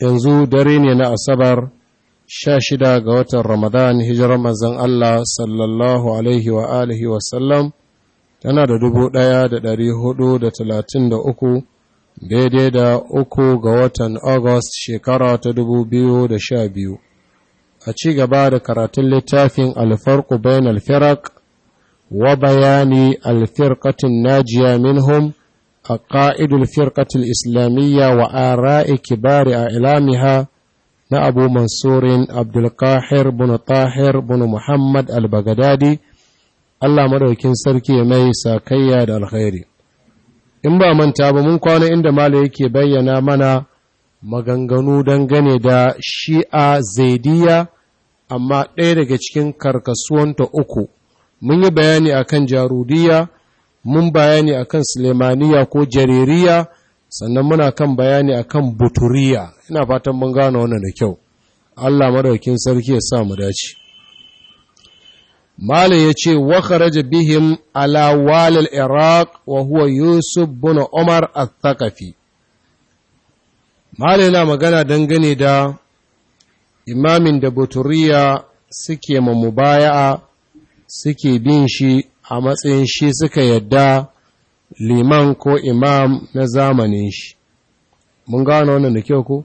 yanzu dare ne na asabar sha shida ga watan ramadan hijirar mazan Allah sallallahu alaihi wa alihi wasallam tana da dubu ɗaya da dari hudu da talatin da uku daidai da uku ga watan august shekara ta dubu biyu da sha biyu a ci gaba da karatun littafin alfarku bayan alfirak wa bayani alfirkatin najiya minhum A عقائد الفرقة الإسلامية وآراء a Alamiha na abu mansurin abdulkahir bin tahir bin muhammad al allah madaukin sarki ya mai sakayya da alkhairi in ba manta ba mun kwana inda mala yake bayyana mana maganganu dangane da shi'a Zaidiyya amma ɗaya daga cikin karkasuwanta uku mun yi bayani akan jarudiya mun bayani akan Sulemaniya ko jaririya sannan muna kan bayani akan buturiya ina fatan mun gano wannan da kyau Allah madaukin sarki ya sa mu dace Mala ya ce, Wa kharaja bihim ala walil Iraq wa huwa Yusuf bin Umar al-Thaqafi. Mala yana magana dangane da imamin da Buturiya suke ma mubaya'a suke bin shi a matsayin shi suka yadda liman ko imam na zamanin shi mun gano wannan da kyau ko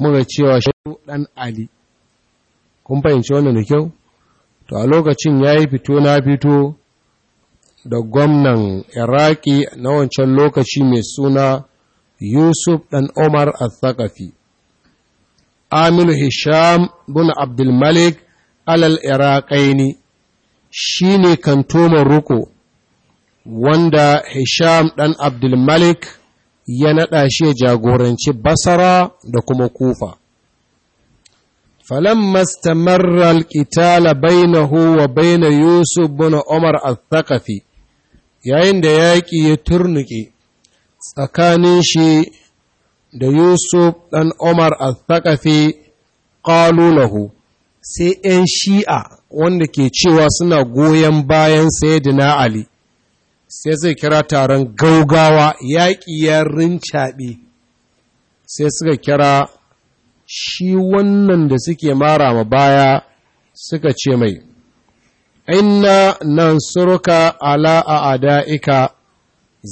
muka cewa shi dan ali kun fahimci wannan da kyau to a lokacin yayi fito na fito da gwamnan iraki na wancan lokaci mai suna yusuf dan Umar al-thaqafi aminu hisham bin abdulmalik alal iraqaini shi ne kantoman ruko wanda Hisham ɗan Abdulmalik ya naɗa shi ya jagoranci basara da kuma kufa. فلما استمر wa بينه Yusuf yusuf Umar al الثقفي yayin da yaƙi ya turnuƙe tsakanin shi da Yusuf ɗan Umar al-Thaqafi lahu sai ‘yan shi'a wanda ke cewa suna goyon bayan sayyidina ali sai zai kira taron gaugawa yaƙi ya rincaɓe sai suka kira shi wannan da suke mara ma baya suka ce mai inna nan suruka ala a ada'ika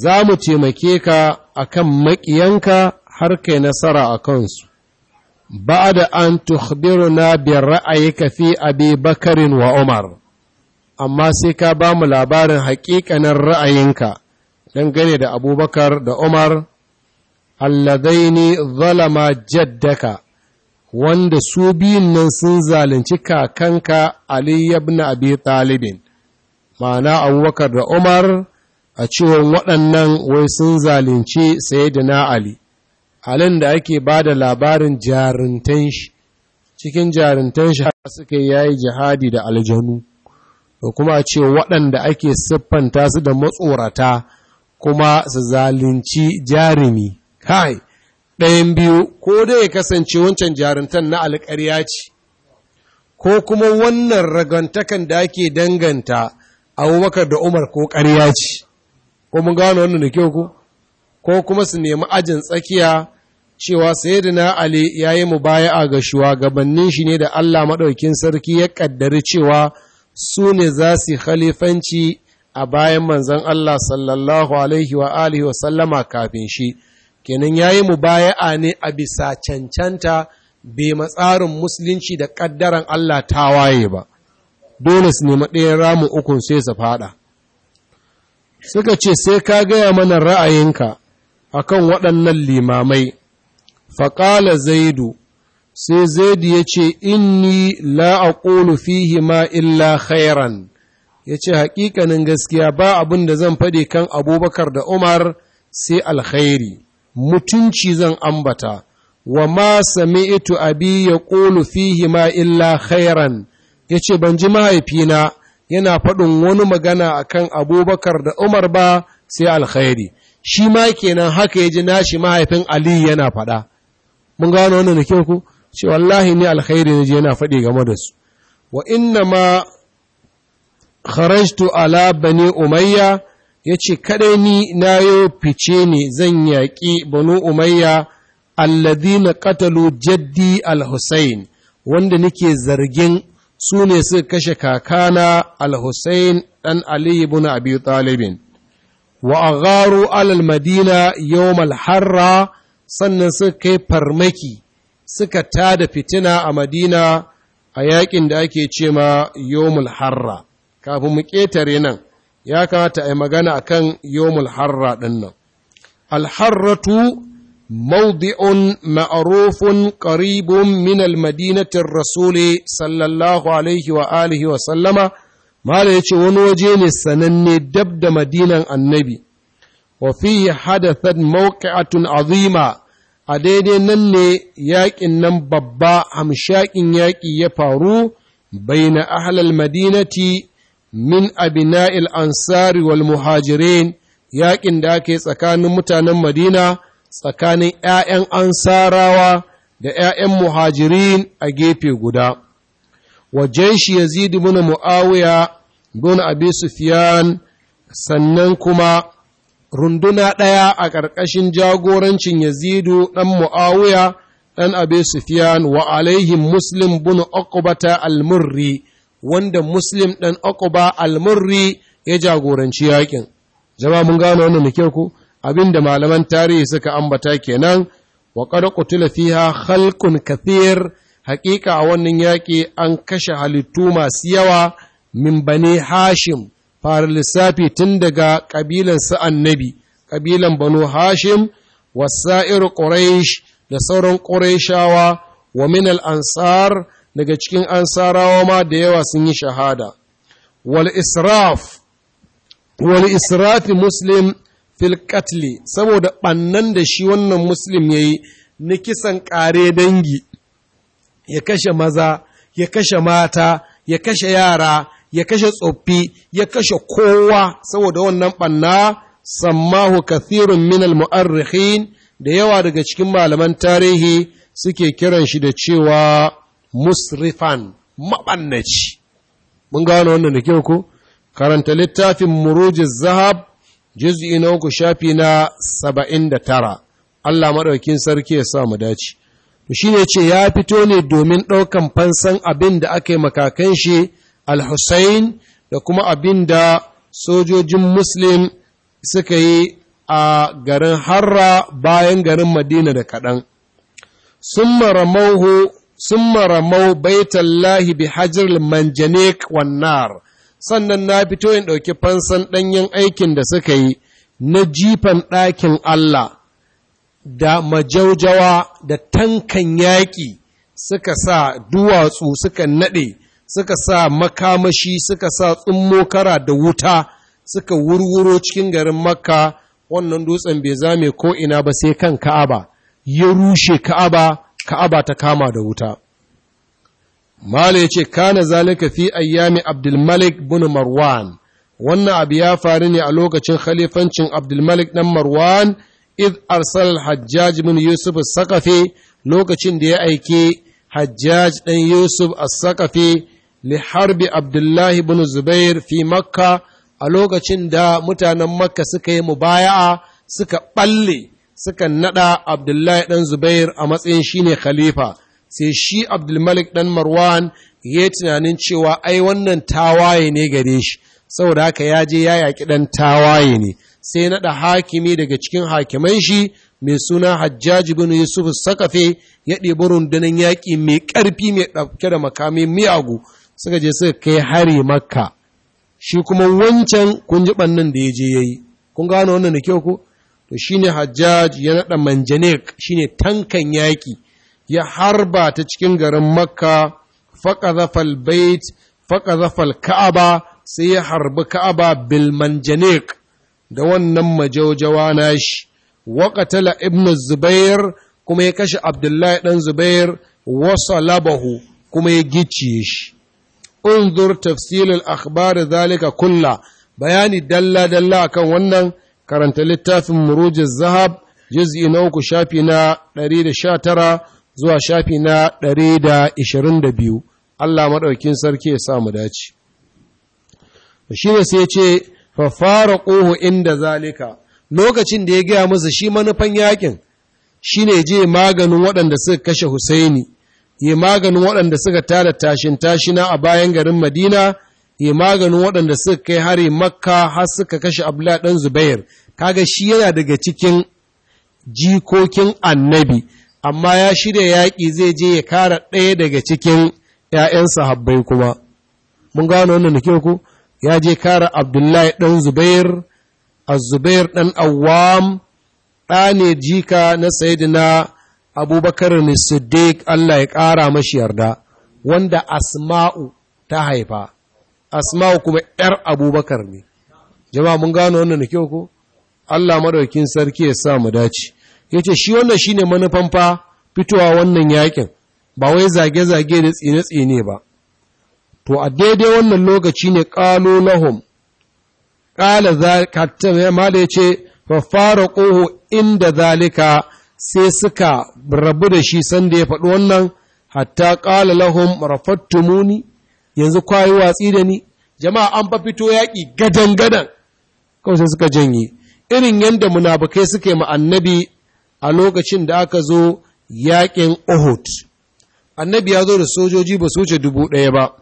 za mu taimake ka akan maƙiyanka har kai nasara a kansu بعد أن تخبرنا برأيك في أبي بكر وعمر أما سيكا بام لابار حقيقة لنقني dangane da abubakar da umar الذين zalama jaddaka wanda su biyun nan sun zalunci kakanka ali ibn abi talibin ma'ana abubakar da umar a cewa waɗannan wai sun zalunci sayyidina ali halin da ake ba da labarin jarintan shi cikin jarintan shi suka yi yayi jihadi da aljanu da kuma ce waɗanda ake siffanta su da matsorata kuma su zalunci jarumi kai ɗayan biyu ko da ya kasance wancan jarintan na alƙarya ce ko kuma wannan ragantakan da ake danganta abubakar da umar ko ƙarya ce ko mun gano wannan da kyau ko kuma su nemi ajin tsakiya cewa sayyidina ali ya yi mubaya'a ga shugabannin shi ne da Allah maɗaukin sarki ya ƙaddari cewa su ne za su khalifanci a bayan manzon Allah sallallahu alaihi wa alihi wa sallama kafin shi kenan ya yi mubaya'a ne a bisa cancanta bai matsarin musulunci da ƙaddaran Allah ta waye ba dole su nemi ɗayan Ramu ukun sai su faɗa suka ce sai ka gaya mana ra'ayinka akan waɗannan limamai faƙala zaidu sai zaidu ya ce inni la a fihi ma illa khairan ya ce haƙiƙanin gaskiya ba abin da zan faɗi kan abubakar da umar sai alkhairi mutunci zan ambata wa ma sami'tu abi ya ƙulu fihi ma illa khairan ya ce ban ji mahaifina yana faɗin wani magana akan abubakar da umar ba sai alkhairi shi ma kenan haka ya ji nashi mahaifin Aliyu yana faɗa mun gano wannan da kyau ku ce wallahi ni alkhairi ne je yana faɗi game da su wa inna ma kharajtu ala bani umayya yace kadai ni nayo fice ne zan yaƙi banu umayya alladhina qatalu jaddi al-husayn wanda nake zargin su ne suka kashe kakana al-husayn dan ali ibn abi talibin wa agharu ala al-madina yawm al-harra sannan suka kai farmaki suka tada fitina a madina a yakin da ake ce ma yomul harra kafin mu ƙetare nan ya kamata a yi magana a kan yomul harra ɗin nan alharratu mawdi'un ma'arufun ƙaribun min almadinatin rasuli sallallahu alaihi wa alihi wa sallama mala ya ce wani waje ne sananne dab da madinan annabi wa fihi hadathat mawqi'atun azima a daidai nan ne yaƙin nan babba hamshaƙin yaƙi ya faru bai na بين madinati min من ansari wal muhajirin yaƙin da ake tsakanin mutanen Madina tsakanin ’ya'yan ansarawa da ’ya'yan muhajirin a gefe guda, wajen shi Yazid muna Mu'awiya bin Abi Sufyan sannan kuma runduna ɗaya a ƙarƙashin jagorancin yazidu ɗan mu'awiya ɗan abe sufiyan wa alaihim muslim bin uqbata almurri, wanda muslim ɗan uqba almurri ya jagoranci yaƙin. jama mun gano wannan da ku abinda malaman tarihi suka ambata kenan wa qad qutila fiha khalqun kathir haƙiƙa a wannan yaƙi an kashe halittu masu yawa min bani hashim fara lissafi tun daga ƙabilan su annabi ƙabilan banu hashim wasa'ir quraish da sauran ƙuraishawa wa min al ansar daga cikin ansarawa ma da yawa sun yi shahada wal israf wal israfi muslim fil saboda ɓannan da shi wannan muslim yayi na kisan ƙare dangi ya kashe maza ya kashe mata ya kashe yara ya kashe tsoffi ya kashe kowa saboda wannan banna sammahu kathirun minal mu'arrikhin da yawa daga cikin malaman tarihi suke kiran shi da cewa musrifan mabannaci mun gano wannan da kyau ko karanta littafin muroji zahab juz'i na uku shafi na saba'in da tara Allah maɗaukin sarki ya sa mu dace to shine ce ya fito ne domin ɗaukan fansan abin da aka yi makakan shi al-Hussein da kuma abin da sojojin Muslim suka yi a garin Harra bayan garin Madina da kaɗan. Sun maramauhu sun maramau baitallahi bi hajjar manjanik wannar sannan na fito in ɗauki fansan ɗanyen aikin da suka yi na jifan ɗakin Allah da majaujawa da tankan yaƙi suka sa duwatsu suka naɗe suka sa makamashi suka sa tsummo kara da wuta suka wurwuro cikin garin makka wannan dutsen bai zame ko ina ba sai kan ka'aba ya rushe ka'aba ka'aba ta kama da wuta mala ya ce kana zalika fi ayyami abdulmalik bin marwan wannan abu ya faru ne a lokacin khalifancin abdulmalik dan marwan id arsal hajjaj bin yusuf sakafe lokacin da ya aike hajjaj dan yusuf a sakafe Liharbi abdullahi bin zubair fi makka a lokacin da mutanen makka suka yi mubaya'a suka ɓalle suka naɗa abdullahi ɗan zubair a matsayin shine khalifa sai shi abdulmalik ɗan marwan ya tunanin cewa ai wannan tawaye ne gare shi saboda haka ya je ya yaƙi ɗan tawaye ne sai naɗa hakimi daga cikin hakiman shi mai suna hajjaji bin yusuf sakafe ya ɗebi rundunar yaƙi mai ƙarfi mai ɗauke da makamin miyagu suka je suka kai hari makka shi kuma wancan kun ji bannin da ya je ya yi kun gano wannan da kyau ko to shi ne hajjaj ya naɗa manjanek ne tankan yaƙi ya harba ta cikin garin makka zafal bait zafal ka'aba sai ya harbi ka'aba bil manjanek da wannan majaujawa shi, waƙatala ibn zubair kuma ya kashe abdullahi ɗan zubair wasa labahu kuma ya gicciye shi unzur tafsirin akbari zalika kulla bayani dalla dalla akan wannan karanta littafin murujin zahab juz'i na uku shafi na 119 zuwa shafi na 122 Allah madaukin sarki ya sa mu dace shi ya ce fa fara ƙoho inda zalika lokacin da ya gaya musu shi manufan yaƙin shine ne maganin waɗanda suka kashe Husaini yi maganin waɗanda suka tara tashin tashina a bayan garin madina yi maganin waɗanda suka kai hari makka har suka kashe abdullahi ɗan zubair kaga shi yana daga cikin jikokin annabi amma ya shirya yaƙi zai je ya kara ɗaya daga cikin ‘ya'yan sahabbai kuma mun gano wannan nake ku ya je kara abdullahi ɗan zubair azubair ɗan awam ɗane jika na sayidina abubakar siddiq Allah ya ƙara mashi yarda wanda asma'u ta haifa asma'u kuma ‘yar abubakar ne jama'a mun gano wannan da kyau ko Allah madaukin sarki ya sa mu dace ya ce shi wannan shi manufan fa fitowa wannan yakin ba wai zage-zage da tsine-tsine ba to a daidai wannan lokaci ne ƙalo lahum ƙala za da yace fa fara ƙoho inda zalika sai suka rabu da shi sanda ya faɗi wannan hatta ƙala lahum muni, yanzu kwayi watsi da ni jama'a an fa fito yaƙi gadan gadan kawai sai suka janye irin yadda munafukai suke ma annabi a lokacin da aka zo yaƙin Uhud annabi ya zo da sojoji ba su wuce dubu ɗaya ba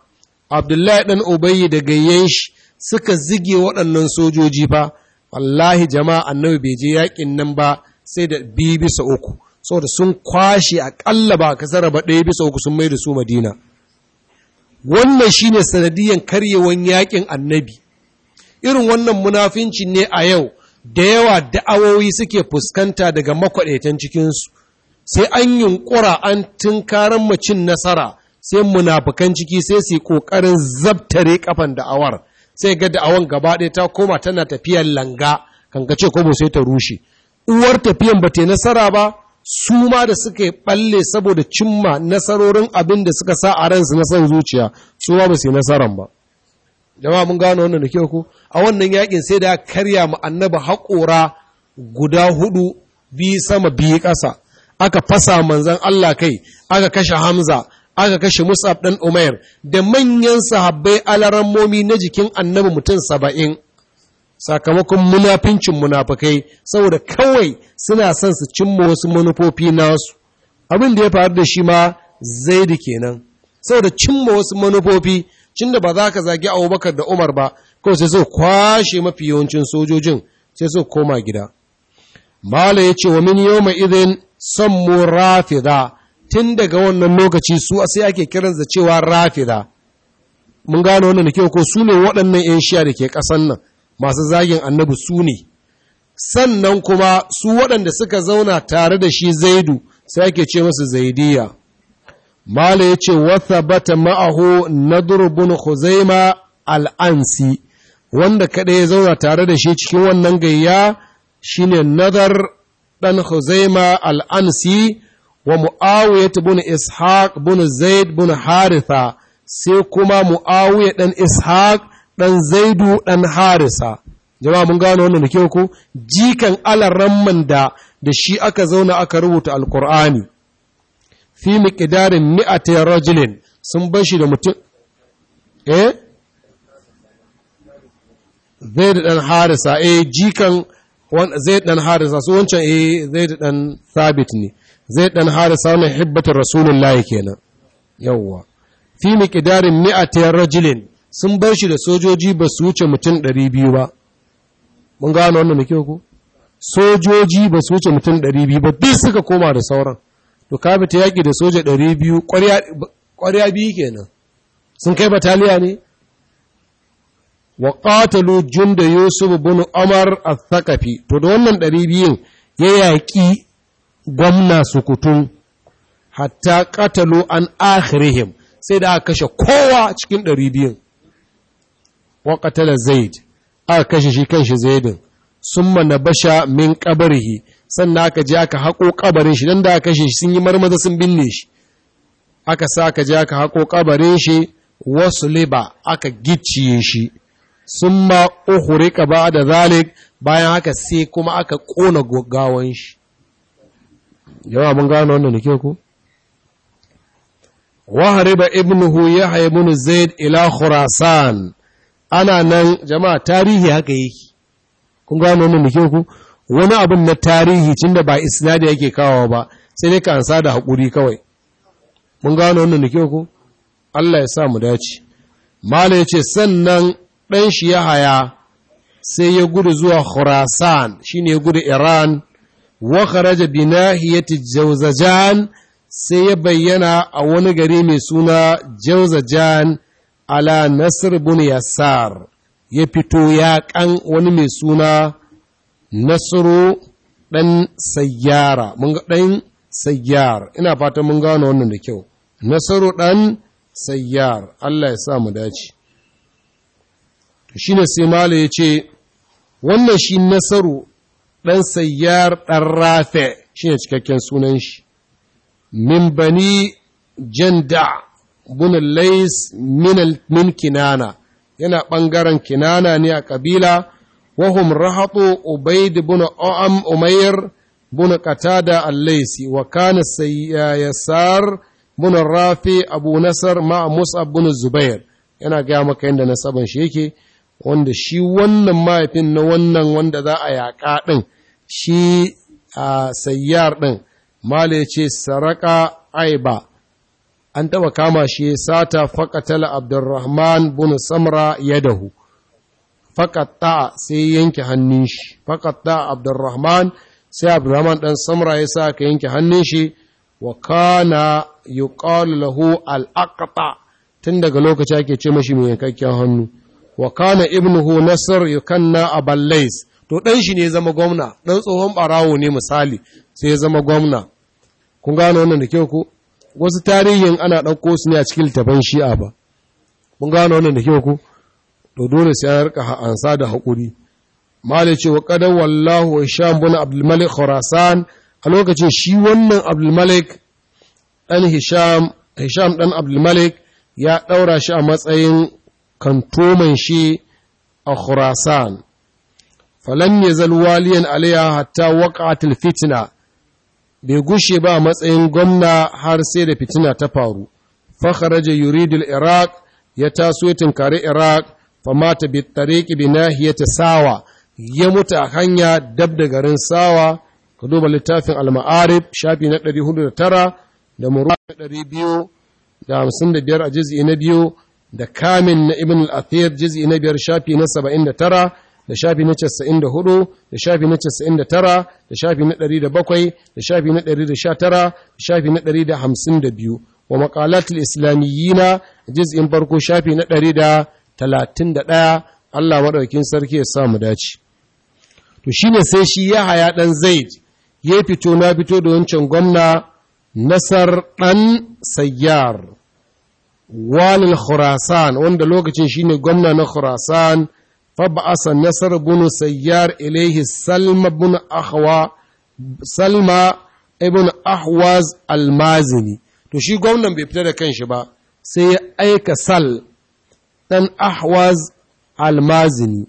abdullahi ɗan ubayi da gayyen shi suka zige waɗannan sojoji ba wallahi jama'a annabi bai je yaƙin nan ba sai da biyu bisa uku saboda sun kwashe aƙalla ba kasar ba ɗaya bisa uku sun mai da su madina wannan shi shine sanadiyyar karyewan yakin annabi irin wannan munafinci ne a yau da yawa da'awowi suke fuskanta daga makwaɗaitan cikinsu sai an yunƙura an tunkaran macin nasara sai munafukan ciki sai su yi ƙoƙarin zabtare kafan da'awar sai ga da'awan gaba ɗaya ta koma tana tafiyar langa kan ce ko sai ta rushe uwar tafiyan ba ta nasara ba su ma da suka balle saboda cimma nasarorin abin da suka sa a ransu na son zuciya su ma ba su yi nasaran ba jama'a mun gano wannan da kyau ku a wannan yakin sai da karya ma annaba haƙora guda hudu bi sama bi ƙasa aka fasa manzan Allah kai aka kashe Hamza aka kashe Mus'ab dan Umair da manyan sahabbai alarammomi na jikin annabi mutum saba'in sakamakon munafincin munafakai saboda kawai suna son su cimma wasu manufofi nasu abin da ya faru da shi ma zai da kenan saboda cimma wasu manufofi cin da ba za ka zagi abubakar da umar ba kawai sai so kwashe mafi yawancin sojojin sai so koma gida mala ya ce wa min yau mai idin son mu rafida tun daga wannan lokaci su sai ake kiran za cewa rafida mun gano wannan da kyau ko su ne waɗannan 'yan shiya da ke ƙasan nan masu zagin annabi su ne sannan kuma su waɗanda suka zauna tare da shi zaidu sai ake ce masu zaidiya mala ya ce wata bata ma'ahu na durbin huzaima al'ansi wanda kaɗai ya zauna tare da shi cikin wannan gayya shine nazar ɗan huzaima al'ansi wa mu'awiyat bin ishaq bin zaid bin haritha sai kuma mu'awiyat ɗan ishaq ɗan zaidu ɗan harisa jama'a mun gano wannan da kyau ko jikan alaramman da da shi aka zauna aka rubuta alkur'ani fi miqdarin mi'ati rajulin sun bar shi da mutum eh zaid dan harisa eh jikan zaid dan harisa su wancan eh zaid dan sabit ne zaid dan harisa ne hibbatar rasulullahi kenan yawwa fi miqdarin mi'ati rajulin sun bar shi da sojoji ba su wuce mutum ɗari biyu ba mun gano wannan da kyau ko sojoji ba su wuce mutum ɗari biyu ba duk suka koma da sauran to ka ta yaƙi da soja ɗari biyu ƙwarya biyu kenan sun kai bataliya ne wa qatalu junda yusuf bin umar al-thaqafi to da wannan ɗari biyun ya yaƙi gwamna sukutun hatta ƙatalo an akhirihim sai da aka kashe kowa cikin ɗari biyun wa qatala zaid aka kashe shi kan shi zaidin summa nabasha min qabrihi sannan aka je aka haƙo kabarin shi dan da aka kashe shi sun yi marmaza sun binne shi aka sa aka je aka haƙo kabarin shi wasu liba aka gicciye shi sun ma uhurika ba da zalik bayan haka sai kuma aka ƙona gawan shi yawa mun gano wannan nake ku wahariba ibnuhu yahya ibn zaid ila khurasan ana nan jama'a tarihi haka yake kun gano mun ku wani abin na tarihi tunda ba isnadi yake kawo ba sai ne ka ansa da hakuri kawai mun gano wannan muke ku Allah ya sa mu dace mala yace sannan dan shi ya haya sai ya gudu zuwa Khurasan shine ya gudu Iran wa kharaja bi nahiyati Jawzajan sai ya bayyana a wani gari mai suna Jawzajan ala nasir bin yassar ya fito ya kan wani mai suna nasiru ɗan sayyara ɗan sayyar ina fatan mun gano wannan da kyau nasiru ɗan sayyar Allah ya sa mu dace to ne sai mala ya ce wannan shi nasaru ɗan sayyar ɗan rafe shine cikakken sunan shi min bani jan da. bin lais min kinana yana ɓangaren kinana ne a ƙabila wahum rahatu ubaid bin o'am umair bin qatada al-laisi wa kana yasar bin rafi abu nasar ma mus'ab bin zubair yana gaya maka yadda nasaban shi yake wanda shi wannan mahaifin na wannan wanda za a yaƙa ɗin shi a sayyar ɗin mala yace ce saraka aiba an taba kama shi sata faƙatala abdurrahman bin samra yadahu faƙatta sai yanke hannun shi faƙatta abdurrahman sai abdurrahman ɗan samra ya sa ka yanke hannun shi wa kana yuqalu lahu al tun daga lokaci ake ce mashi mai yankakken hannu wa kana ibnuhu nasr a ballais. to ɗan shi ne zama gwamna ɗan tsohon ɓarawo ne misali sai ya zama gwamna kun gane wannan da kyau ko wasu tarihin ana ɗauko su ne a cikin littafan shi'a ba mun gano wannan da kyau ku to dole sai ya rika ansa da haƙuri malai ce wa ƙadar wallahu wa bin abdul Abdulmalik khurasan a lokacin shi wannan abdulmalik ɗan hisham hisham dan ya ɗaura shi a matsayin kantoman shi a khurasan falam yazal waliyan alaiha hatta waqa'at al bai gushe ba a matsayin gwamna har sai da fitina ta faru fakharaja yuridul iraq ya taso ya tunkari iraq famata bi tariqi bi nahiyati sawa ya mutu a hanya dab da garin sawa ka duba littafin al-ma'arib shafi na 409 da murwa na 255 a juz'i na biyu da kamin na ibn al-athir juz'i na biyar shafi na 79 da shafi na 94 da shafi na 99 da shafi na 107 da shafi na 119 da shafi na 152 wa maqalatul islamiyina juz'in farko shafi na 131 Allah madaukakin sarki ya sa mu dace to shine sai shi ya haya dan Zaid ya fito na fito da wancan gwamna Nasar dan Sayyar walil Khurasan wanda lokacin shine gwamna na Khurasan فبعث نصر بن سيار إليه سلمى بن أخوى سلمى ابن to shi gwamnan bai fita da kanshi ba sai ya aika sal ɗan ahwaz almazini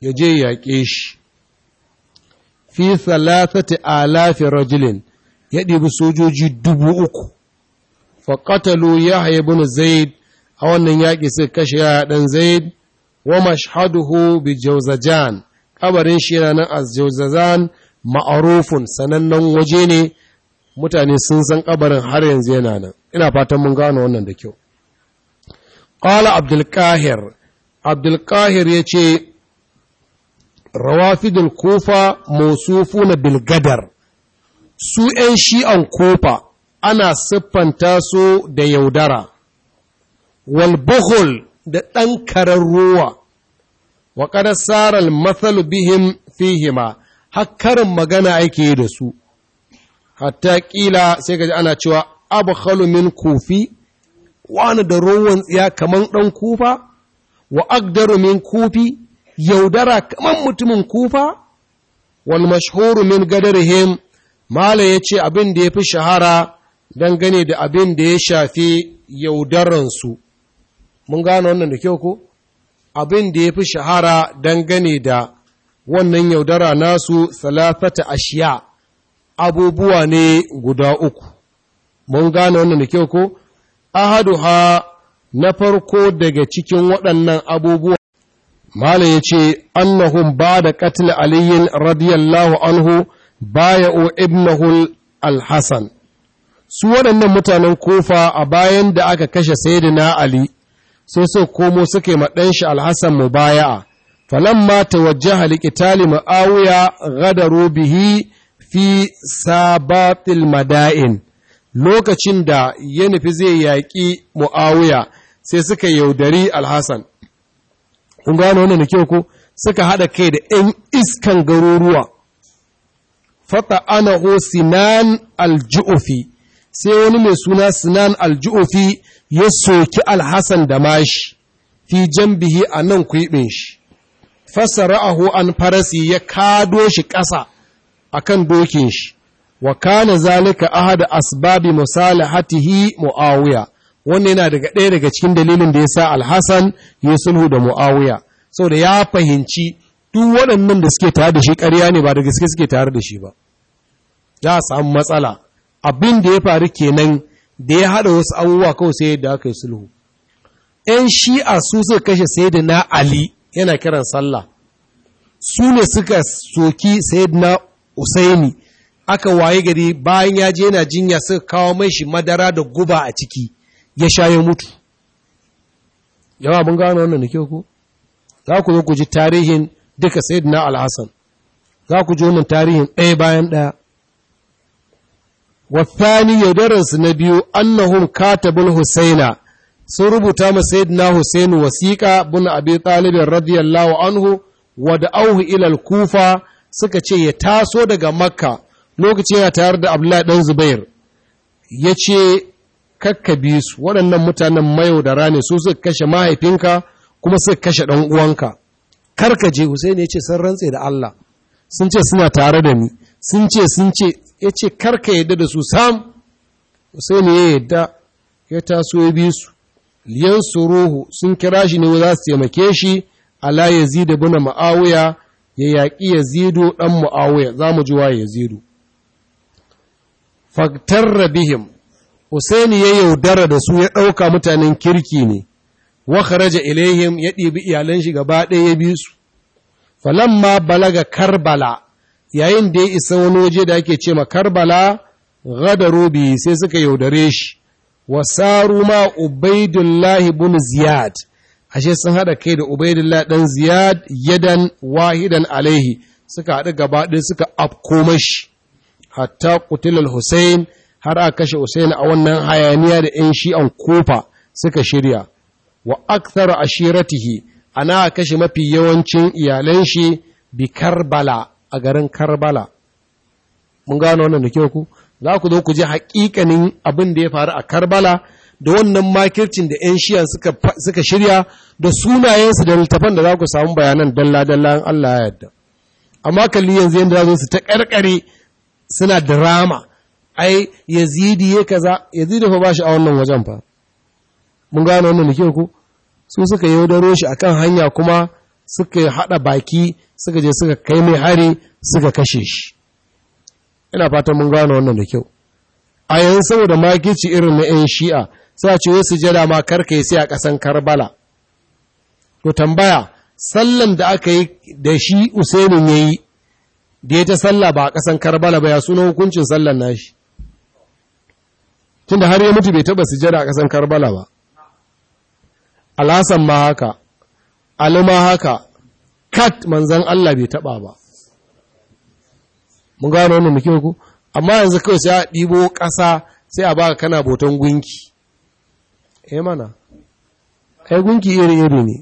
ya je yaƙe shi fi thalathati alafi rajulin ya ɗibi sojoji dubu uku faƙatalo ya haye bin zaid a wannan yaƙi sai kashe ya ɗan zaid wa mashhaduhu bi jawzajan kabarin shi yana nan a jawzazan ma'arufun sanannen waje ne mutane sun san kabarin har yanzu yana nan ina fatan mun gano wannan da kyau qala abdul qahir abdul qahir yace rawafidul kufa mawsufuna bil gadar su shi an kofa ana siffanta su da yaudara, walbuhul da ɗan karar ruwa, wa qad sara al bihim fihima hakkarin magana ake da su hatta ƙila sai ka ji ana cewa abkhalu min kufi wani da rowan tsiya kaman ɗan kufa wa aqdaru min kufi yaudara kaman mutumin kufa wal mashhuru min gadarihim mala ce abin da fi shahara dangane da abin da ya shafi su, mun gane wannan da kyau ko abin da ya fi shahara dangane da wannan yaudara nasu salafata ashiya abubuwa ne guda uku mun gane wannan da kyau ko Ahadu ha, na farko daga cikin waɗannan abubuwa Mala ya ce, annahun ba da katil aliyin radiyallahu anhu o ibnahul alhassan su waɗannan mutanen kofa a bayan da aka kashe na Ali, sai so komo suke maɗan shi alhassan mu baya falamma ta wajen halikitali ma'awuya gadaro bihi fi sabatil mada'in lokacin da ya nufi zai yaƙi mu'awuya sai suka yaudari alhassan kun gano wannan da kyau ko suka haɗa kai da ‘yan iskan garuruwa fata ana sinan alju'ufi sai wani mai suna sinan aljufi ya soki alhassan da mashi fi bihi a nan kwiɓin shi fasara'ahu an farasi ya kado shi ƙasa a kan dokin shi wa kana zalika ahada asbabi musalahatihi mu'awiya wannan yana daga ɗaya daga cikin dalilin da ya sa alhassan ya sulhu da mu'awiya saboda ya fahimci duk waɗannan da suke tare da shi ƙarya ne ba da gaske suke tare da shi ba za a samu matsala abin da ya faru kenan da ya haɗa wasu abubuwa kawai sai da aka yi sulhu ‘yan shi'a su suka kashe na ali yana kiran sallah su ne suka soki na usaini aka waye gari bayan ya je yana jinya suka kawo mai shi madara da guba a ciki ya sha ya mutu yawa mun gano wannan da ku za ku zo ku ji tarihin duka da na Alhassan? za ku ji wannan tarihin ɗaya bayan ɗaya والثاني يدرس نبيو أنهم كاتبوا حسين sun rubuta ma sayyidina Hussein wasiƙa bin Abi Talib radiyallahu anhu wa da'awhu ilal kufa suka ce ya taso daga Makka lokaci yana tare da Abdullahi dan Zubair yace kakkabi su waɗannan mutanen mayaudara ne su kashe mahaifinka kuma suka kashe ɗan uwanka karkaje Hussein yace sun rantse da Allah sun ce suna tare da ni sun ce sun ce ya ce karka yadda da su sam sai ne ya yadda ya taso ya bi su liyan su ruhu sun kira shi ne za su taimake shi ala zida buna ma'awuya ya yaƙi ya yazidu ɗan ma'awuya za mu ji wa yazidu faktar rabihim Husaini ya yaudara da su ya ɗauka mutanen kirki ne wa kharaja ilaihim ya ɗibi iyalan shi gaba ɗaya ya bi su falamma balaga karbala yayin da ya isa wani waje da ake ce ma karbala da bi sai suka yaudare shi wa saru ma ubaidullah ibn ziyad ashe sun hada kai da ubaidullah dan ziyad yadan wahidan alaihi suka hada gaba ɗaya suka afko mashi hatta kutilar Hussain, har a kashe husain a wannan hayaniya da yan shi an kofa suka shirya wa akthar ashiratihi ana kashe mafi yawancin iyalan shi bi karbala a garin Karbala. Mun gano wannan da kyau ku, za ku zo ku ji haƙiƙanin abin da ya faru a Karbala da wannan makircin da 'yan shiyan suka shirya da sunayensu da littafan da za ku samu bayanan dalla-dalla Allah ya yarda. Amma kalli yanzu yadda za su ta ƙarƙare suna drama, ai, yazidi ya kaza, yazidi fa ba shi a wannan wajen fa. Mun gano wannan da kyau ku, su suka yaudaro shi a kan hanya kuma suka haɗa baki suka je suka kai mai hari suka kashe shi ina fatan mun gano wannan da kyau a yanzu saboda makici irin na 'yan shi'a sai a ce wai jada ma karka yi sai a ƙasan karbala to tambaya sallan da aka yi da shi usainin ya yi da ya ta salla ba a ƙasan karbala ba ya suna hukuncin sallan nashi tunda har ya mutu bai taɓa sujada a ƙasan karbala ba alhassan ma haka ali ma haka kat manzan Allah bai taɓa ba mun gano wannan muke ku amma yanzu kawai sai a ɗibo ƙasa sai a baka kana boton gunki eh mana kai gunki iri-iri ne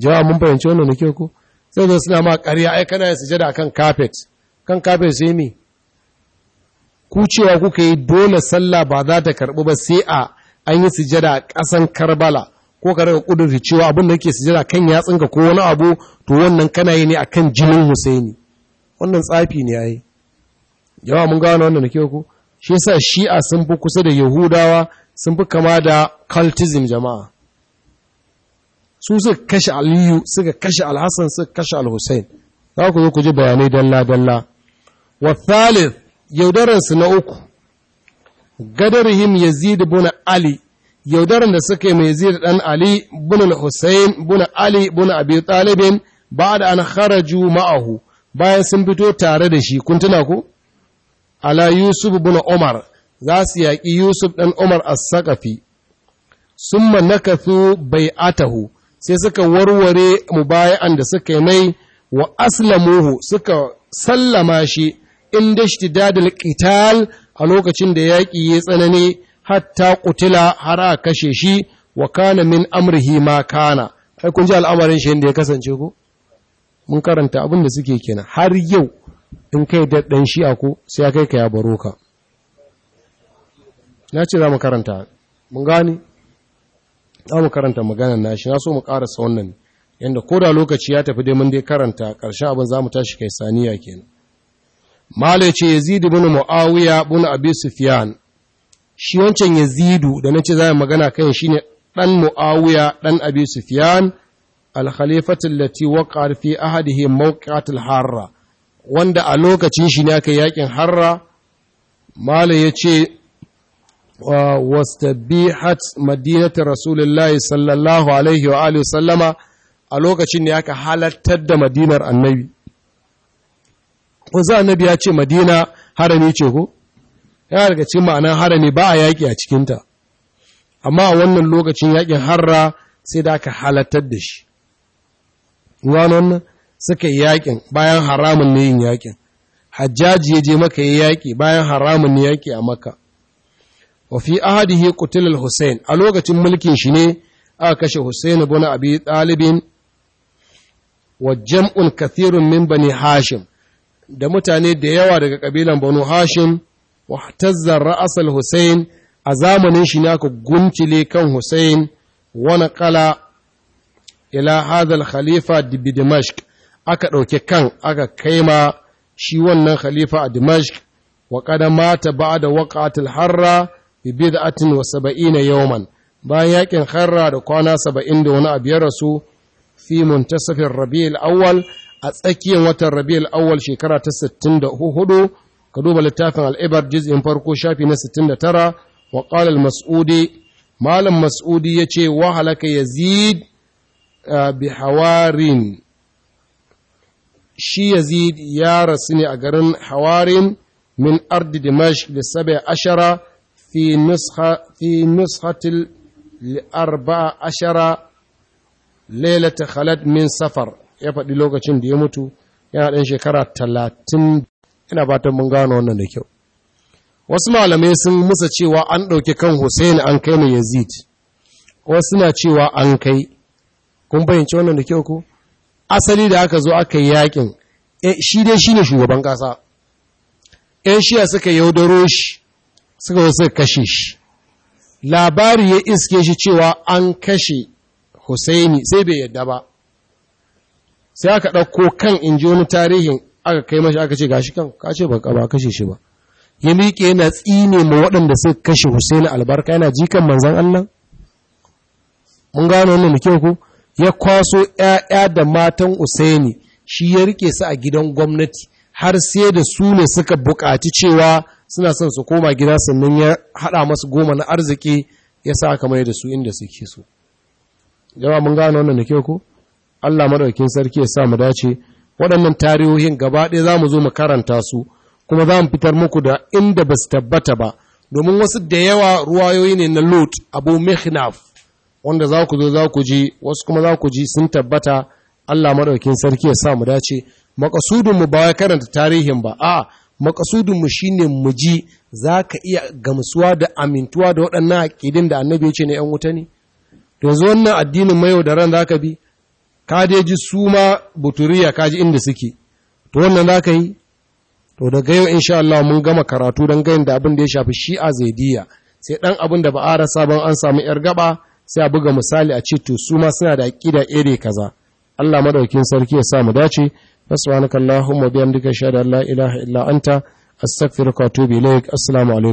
jawa mun fahimci wannan muke ku sai da suna ma ƙarya ai kana yin sujada kan kafet kan kafet sai me ku cewa kuka yi dole sallah ba za ta karɓi ba sai a an yi sujada a ƙasan karbala ko ka raka kudurci cewa abin da yake sujada kan yatsinka ko wani abu to wannan kana yi ne akan jinin Husaini wannan tsafi ne yayi yawa mun gano wannan nake ku shi yasa Shi'a sun fi kusa da Yahudawa sun fi kama da cultism jama'a su suka kashe Aliyu suka kashe Al-Hassan suka kashe al za ku zo ku ji bayanai dalla dalla wa thalith yaudaransu na uku gadarihim yazid ibn ali yaudaran da suka yi mai zira ɗan Ali, bunan Hussein, bunan Ali, bunan Abi Talibin, ba da an haraju ma'ahu, bayan sun fito tare da shi, kun tuna ku? Ala Yusuf bunan Umar, za su yaƙi Yusuf ɗan Umar a sakafi, sun manakathu bai atahu, sai suka warware mu bayan da suka yi mai wa aslamuhu suka sallama shi, inda shi dadal ƙital a lokacin da yaƙi ya tsanani hatta kutila har a kashe shi wa kana min amrihi ma kana ai kun ji al'amarin shi inda ya kasance ko mun karanta abin da suke kenan har yau in kai da dan a ko sai ya kai ka ya baro ka na ce za mu karanta mun gani za mu karanta maganar nashi na so mu karasa wannan yanda ko da lokaci ya tafi dai mun dai karanta ƙarshen abin za mu tashi kai saniya kenan malai ce yazid ibn muawiya ibn abi sufyan shi wancan yazidu da na ce za magana kan shi ne ɗan mu'awiya ɗan abi sufiyan alhalifatun lati waƙar a hadihin mawqatil harra wanda a lokacin shi ne aka yi yaƙin harra mala ya ce wastabihat madinatu rasulullahi sallallahu alaihi wa alihi sallama a lokacin ne aka halartar da madinar annabi ko za annabi ya ce madina harami ce ko yana daga cikin ma'anar ne ba a yaƙi a cikinta amma a wannan lokacin yaƙin harra sai da aka halattar da shi ranar suka yi yaƙin bayan haramun ne yin yaƙin hajjaji ya je maka yi yaƙi bayan haramun ne yaƙi a maka wa fi ahadihi qutil al a lokacin mulkin shi ne aka kashe husayn ibn abi ɗalibin wa jam'un kathirun min bani hashim da mutane da yawa daga kabilan banu hashim wahtazza ra'asal Hussein a zamanin shi ne aka guntile kan Hussein wani kala ila hadal khalifa bi Dimashq aka ɗauki kan aka kaima shi wannan khalifa a Dimashq wa kada mata ba'da waqatil harra bi bid'atin wa sab'ina yawman bayan yakin harra da kwana saba'in da wani abu ya rasu fi muntasafin rabi'il Awal, a tsakiyar watan rabi'il awwal shekara ta 64 ka duba littafin al'ibar jiz'in farko shafi na 69 wa qala al-mas'udi malam mas'udi yace wa halaka yazid bi shi yazid ya rasu ne a garin hawarin min ardi dimashq da sabai ashara fi nusha arba'a ashara lailata khalat min safar ya faɗi lokacin da ya mutu yana ɗan shekara talatin ina fatan mun gano wannan da kyau wasu malamai sun musa cewa an ɗauki kan Hussein an kai na Yazid wasu na cewa an kai kun bayyance wannan da kyau ko asali da aka zo aka yi yakin eh, shi dai shi ne shugaban kasa ƴan shiya suka yaudaro shi suka zo suka kashe shi labari ya iske shi cewa an kashe Husaini sai bai yadda ba sai aka ɗauko kan in ji wani tarihin aka kai mashi aka ce gashi kan ka ce ba ba kashe shi ba ya miƙe yana tsine ma waɗanda suka kashe Husaini albarka yana jikan manzon Allah mun gano wannan da kyau ko ya kwaso ‘ya'ya da matan Usaini shi ya rike su a gidan gwamnati har sai da su ne suka buƙaci cewa suna son su koma gida sannan ya haɗa masu goma na arziki ya sa aka mai da su inda suke so. Jama mun gano wannan da kyau ko? Allah madaukakin sarki ya sa mu dace waɗannan tarihohin gaba ɗaya za mu zo mu karanta su kuma za mu fitar muku da inda ba su tabbata ba domin wasu da yawa ruwayoyi ne na lot abu mihnaf wanda za ku zo za ku ji wasu kuma za ku ji sun tabbata allah maɗaukin sarki ya sa mu dace makasudinmu ba ya karanta tarihin ba a makasudinmu shine mu ji za ka iya gamsuwa da amintuwa da waɗannan aƙidin da annabi ya ce na ‘yan wuta ne yanzu wannan addinin mayo da za ka bi ka dai ji su ma buturiya ka ji inda suke to wannan za ka yi to daga yau insha Allah mun gama karatu don gayin da abin da ya shafi shi shi'a zaidiya sai dan abin da ba a rasa ban an samu yar gaba sai a buga misali a ce to su ma suna da aqida iri kaza Allah madaukin sarki ya sa mu dace subhanakallahumma bihamdika shada la ilaha illa anta astaghfiruka wa atubu ilaik assalamu alaikum